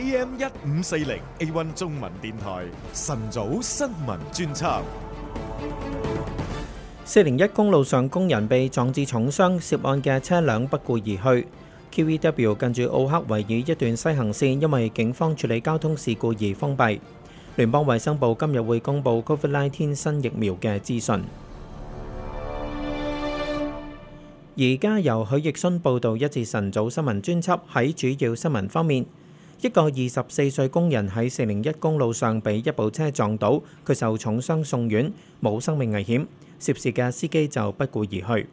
A.M. 一五四零 A One 中文電台晨早新聞專輯。四零一公路上工人被撞至重傷，涉案嘅車輛不顧而去。Q.E.W. 近住奧克維爾一段西行線，因為警方處理交通事故而封閉。聯邦衛生部今日會公布 Covid-19 新疫苗嘅資訊。而家由許逸勳報道，一至晨早新聞專輯喺主要新聞方面。一個二十四歲工人喺四零一公路上被一部車撞倒，佢受重傷送院，冇生命危險。涉事嘅司機就不顧而去。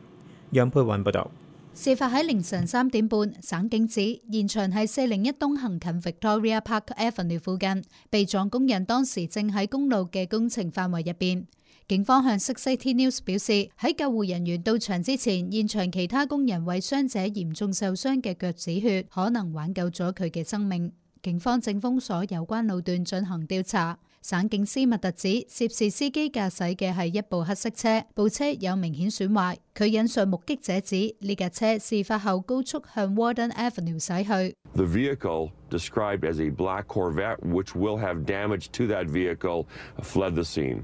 楊佩雲報道。事發喺凌晨三點半，省警指現場喺四零一東行近 Victoria Park Avenue 附近，被撞工人當時正喺公路嘅工程範圍入邊。警方向 CTV News 表示，喺救護人員到場之前，現場其他工人為傷者嚴重受傷嘅腳止血，可能挽救咗佢嘅生命。警方正封鎖有關路段進行調查。省警司密特指涉事司機駕駛嘅係一部黑色車，部車有明顯損壞。佢引述目擊者指呢架車事發後高速向 Warden Avenue 駛去。The vehicle described as a black Corvette which will have damage to that vehicle, fled the scene.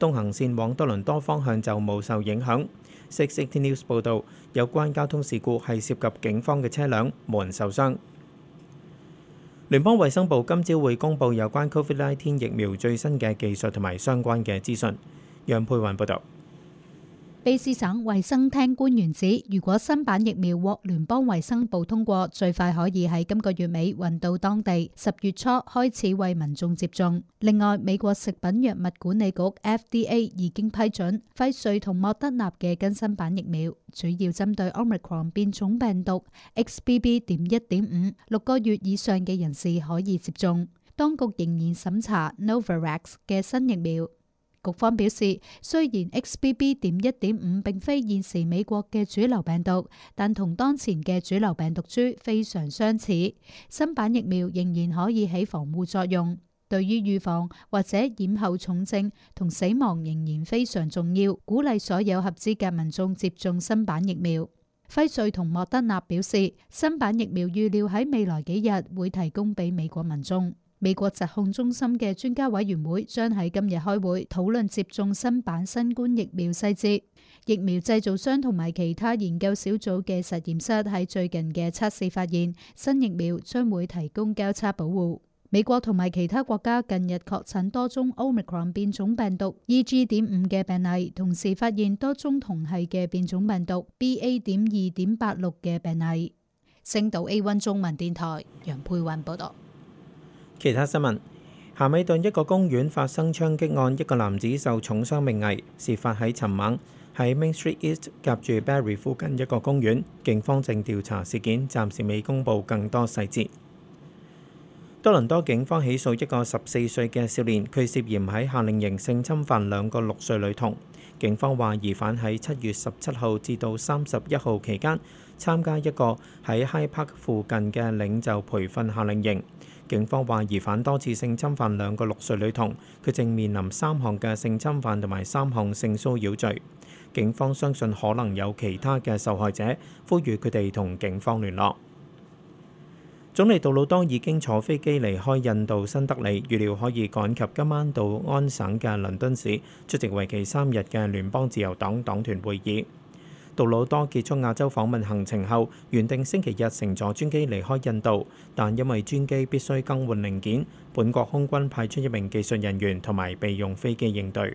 東行線往多倫多方向就冇受影響。680 News 報道，有關交通事故係涉及警方嘅車輛，冇人受傷。聯邦衛生部今朝會公布有關 COVID-19 疫苗最新嘅技術同埋相關嘅資訊。楊佩雲報道。卑斯省衛生廳官員指，如果新版疫苗獲聯邦衛生部通過，最快可以喺今個月尾運到當地，十月初開始為民眾接種。另外，美國食品藥物管理局 FDA 已經批准輝瑞同莫德納嘅更新版疫苗，主要針對 Omicron 變種病毒 XBB. 點一點五，六個月以上嘅人士可以接種。當局仍然審查 Novavax 嘅新疫苗。局方表示，雖然 XBB. 點一點五並非現時美國嘅主流病毒，但同當前嘅主流病毒株非常相似，新版疫苗仍然可以起防護作用。對於預防或者染後重症同死亡，仍然非常重要。鼓勵所有合資格民眾接種新版疫苗。輝瑞同莫德納表示，新版疫苗預料喺未來幾日會提供俾美國民眾。美國疾控中心嘅專家委員會將喺今日開會討論接種新版新冠疫苗細節。疫苗製造商同埋其他研究小組嘅實驗室喺最近嘅測試發現，新疫苗將會提供交叉保護。美國同埋其他國家近日確診多宗 Omicron 變種病毒 E.G. 點五嘅病例，同時發現多宗同系嘅變種病毒 B.A. 點二點八六嘅病例。星島 A1 中文電台楊佩雲報道。其他新聞：夏美頓一個公園發生槍擊案，一個男子受重傷命危。事發喺尋晚喺 Main Street East 夾住 Barry 附近一個公園，警方正調查事件，暫時未公佈更多細節。多倫多警方起訴一個十四歲嘅少年，佢涉嫌喺夏令營性侵犯兩個六歲女童。警方話疑犯喺七月十七號至到三十一號期間參加一個喺 High Park 附近嘅領袖培訓夏令營。警方話，疑犯多次性侵犯兩個六歲女童，佢正面臨三項嘅性侵犯同埋三項性騷擾罪。警方相信可能有其他嘅受害者，呼籲佢哋同警方聯絡。總理杜魯多已經坐飛機離開印度新德里，預料可以趕及今晚到安省嘅倫敦市出席，為期三日嘅聯邦自由黨黨團會議。杜魯多結束亞洲訪問行程後，原定星期日乘坐專機離開印度，但因為專機必須更換零件，本國空軍派出一名技術人員同埋備用飛機應對。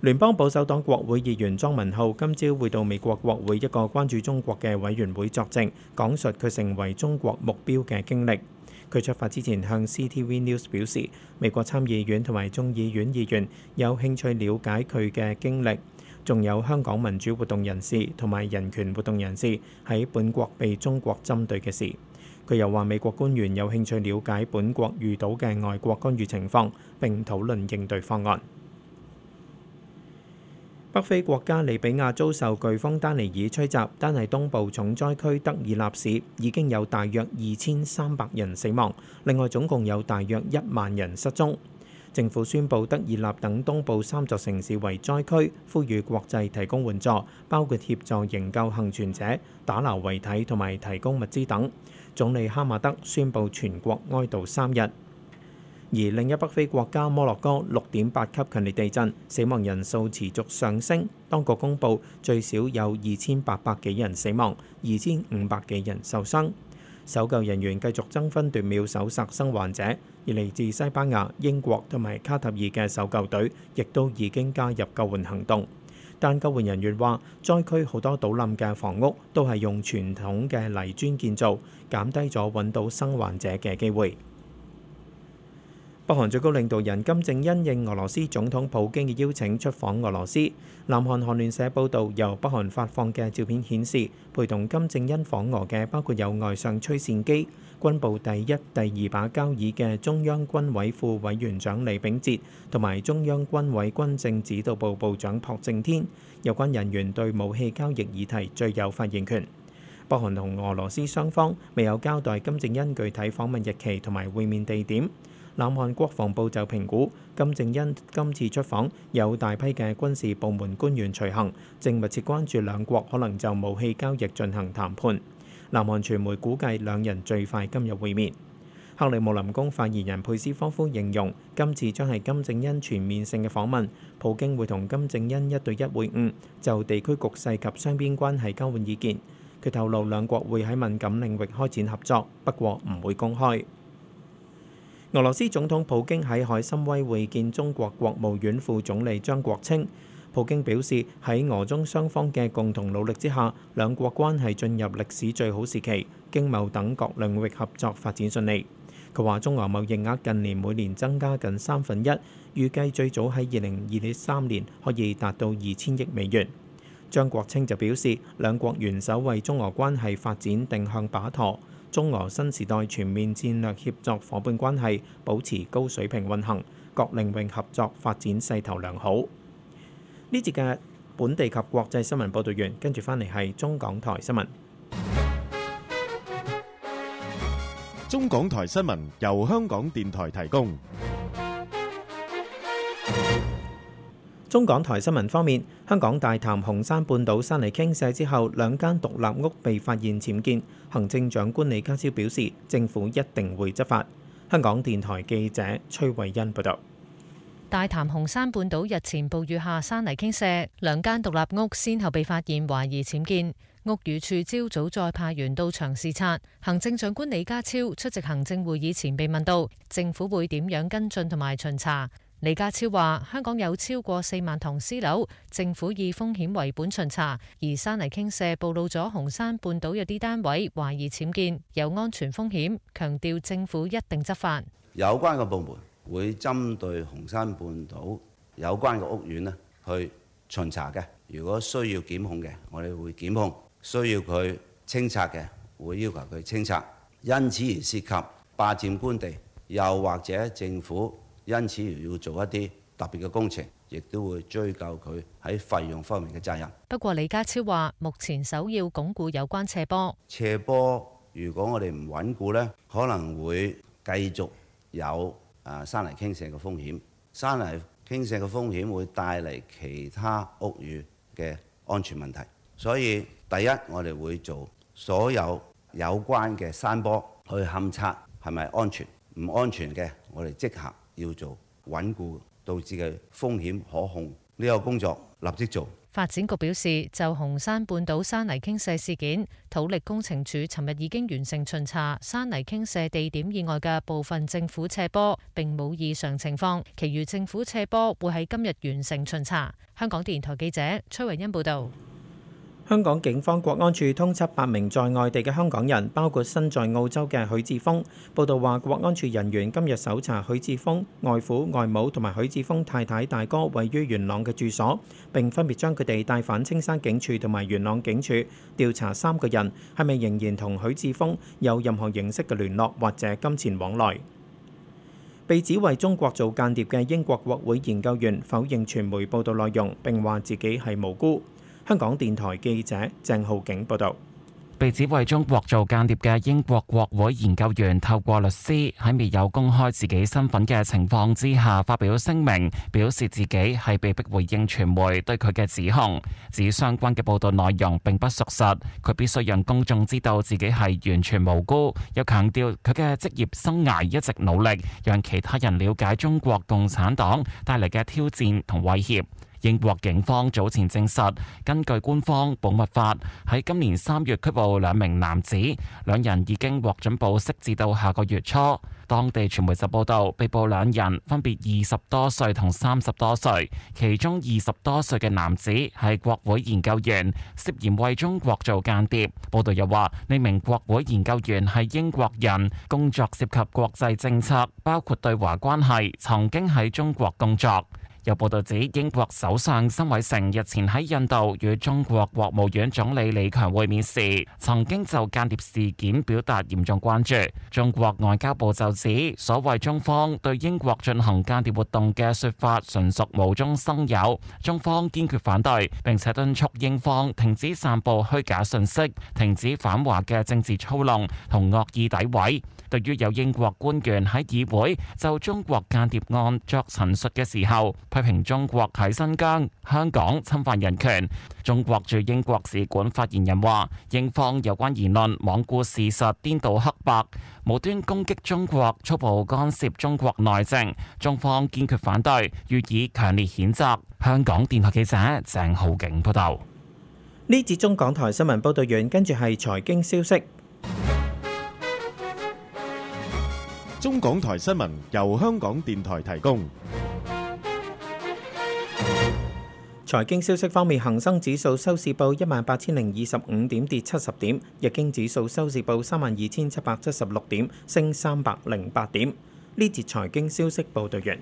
聯邦保守黨國會議員莊文浩今朝會到美國國會一個關注中國嘅委員會作證，講述佢成為中國目標嘅經歷。佢出發之前向 CTV News 表示，美國參議院同埋眾議院議員有興趣了解佢嘅經歷。仲有香港民主活動人士同埋人權活動人士喺本國被中國針對嘅事，佢又話美國官員有興趣了解本國遇到嘅外國干預情況，並討論應對方案。北非國家利比亞遭受颶風丹尼爾吹襲，丹尼東部重災區德爾納市已經有大約二千三百人死亡，另外總共有大約一萬人失蹤。政府宣布德爾納等東部三座城市為災區，呼籲國際提供援助，包括協助營救幸存者、打撈遺體同埋提供物資等。總理哈馬德宣布全國哀悼三日。而另一北非國家摩洛哥六點八級強烈地震，死亡人數持續上升，當局公佈最少有二千八百幾人死亡，二千五百幾人受傷。搜救人員繼續爭分奪秒搜殺生還者，而嚟自西班牙、英國同埋卡塔爾嘅搜救隊亦都已經加入救援行動。但救援人員話，災區好多倒冧嘅房屋都係用傳統嘅泥磚建造，減低咗揾到生還者嘅機會。北韓最高領導人金正恩應俄羅斯總統普京嘅邀請出訪俄羅斯。南韓韓聯社報道，由北韓發放嘅照片顯示，陪同金正恩訪俄嘅包括有外相崔善姬、軍部第一、第二把交椅嘅中央軍委副委員長李炳哲，同埋中央軍委軍政指導部部長朴正天。有關人員對武器交易議題最有發言權。北韓同俄羅斯雙方未有交代金正恩具體訪問日期同埋會面地點。南韓國防部就評估，金正恩今次出訪有大批嘅軍事部門官員隨行，正密切關注兩國可能就武器交易進行談判。南韓傳媒估計兩人最快今日會面。克里姆林宮發言人佩斯科夫形容，今次將係金正恩全面性嘅訪問，普京會同金正恩一對一會晤，就地區局勢及雙邊關係交換意見。佢透露兩國會喺敏感領域開展合作，不過唔會公開。俄羅斯總統普京喺海參崴會見中國國務院副總理張國清。普京表示，喺俄中雙方嘅共同努力之下，兩國關係進入歷史最好時期，經貿等各領域合作發展順利。佢話，中俄貿易額近年每年增加近三分一，預計最早喺二零二三年可以達到二千億美元。張國清就表示，兩國元首為中俄關係發展定向把舵。中俄新時代全面戰略協作夥伴關係保持高水平運行，各領域合作發展勢頭良好。呢節嘅本地及國際新聞報道完，跟住翻嚟係中港台新聞。中港台新聞由香港電台提供。中港台新聞方面，香港大潭紅山半島山泥傾瀉之後，兩間獨立屋被發現僭建。行政長官李家超表示，政府一定會執法。香港電台記者崔慧欣報道，大潭紅山半島日前暴雨下山泥傾瀉，兩間獨立屋先後被發現懷疑僭建，屋宇署朝早再派員到場視察。行政長官李家超出席行政會議前被問到，政府會點樣跟進同埋巡查？李家超話：香港有超過四萬幢私樓，政府以風險為本巡查，而山泥傾瀉暴露咗紅山半島有啲單位懷疑僭建，有安全風險。強調政府一定執法。有關嘅部門會針對紅山半島有關嘅屋苑咧去巡查嘅，如果需要檢控嘅，我哋會檢控；需要佢清拆嘅，會要求佢清拆。因此而涉及霸佔官地，又或者政府。因此要做一啲特別嘅工程，亦都會追究佢喺費用方面嘅責任。不過李家超話目前首要鞏固有關斜坡。斜坡如果我哋唔穩固咧，可能會繼續有啊山泥傾瀉嘅風險，山泥傾瀉嘅風險會帶嚟其他屋宇嘅安全問題。所以第一，我哋會做所有有關嘅山坡去勘察，係咪安全？唔安全嘅，我哋即刻。要做穩固，導致嘅風險可控，呢個工作立即做。發展局表示，就紅山半島山泥傾瀉事件，土力工程署尋日已經完成巡查，山泥傾瀉地點以外嘅部分政府斜坡並冇異常情況，其餘政府斜坡會喺今日完成巡查。香港電台記者崔維恩報道。香港警方國安處通緝八名在外地嘅香港人，包括身在澳洲嘅許智峰。報道話，國安處人員今日搜查許智峰外父、外母同埋許智峰太太、大哥位於元朗嘅住所，並分別將佢哋帶返青山警署同埋元朗警署調查，三個人係咪仍然同許智峰有任何形式嘅聯絡或者金錢往來。被指為中國做間諜嘅英國國會研究員否認傳媒報道內容，並話自己係無辜。香港電台記者鄭浩景報道，被指為中國做間諜嘅英國國會研究員透過律師喺未有公開自己身份嘅情況之下發表聲明，表示自己係被逼回應傳媒對佢嘅指控，指相關嘅報道內容並不屬實，佢必須讓公眾知道自己係完全無辜，又強調佢嘅職業生涯一直努力讓其他人了解中國共產黨帶嚟嘅挑戰同威脅。英國警方早前證實，根據官方保密法，喺今年三月拘捕兩名男子，兩人已經獲准保釋至到下個月初。當地傳媒就報道，被捕兩人分別二十多歲同三十多歲，其中二十多歲嘅男子係國會研究員，涉嫌為中國做間諜。報道又話，呢名國會研究員係英國人，工作涉及國際政策，包括對華關係，曾經喺中國工作。有報導指，英國首相辛偉誠日前喺印度與中國國務院總理李強會面時，曾經就間諜事件表達嚴重關注。中國外交部就指，所謂中方對英國進行間諜活動嘅説法純屬無中生有，中方堅決反對，並且敦促英方停止散佈虛假信息，停止反華嘅政治操弄同惡意詆毀。對於有英國官員喺議會就中國間諜案作陳述嘅時候，批評中國喺新疆、香港侵犯人權，中國駐英國使館發言人話：英方有關言論罔顧事實、顛倒黑白、無端攻擊中國、粗暴干涉中國內政，中方堅決反對，予以強烈譴責。香港電台記者鄭浩景報道。呢節中港台新聞報道完，跟住係財經消息。中港台新聞由香港電台提供。財經消息方面，恒生指數收市報一萬八千零二十五點，跌七十點；日經指數收市報三萬二千七百七十六點，升三百零八點。呢節財經消息報道完。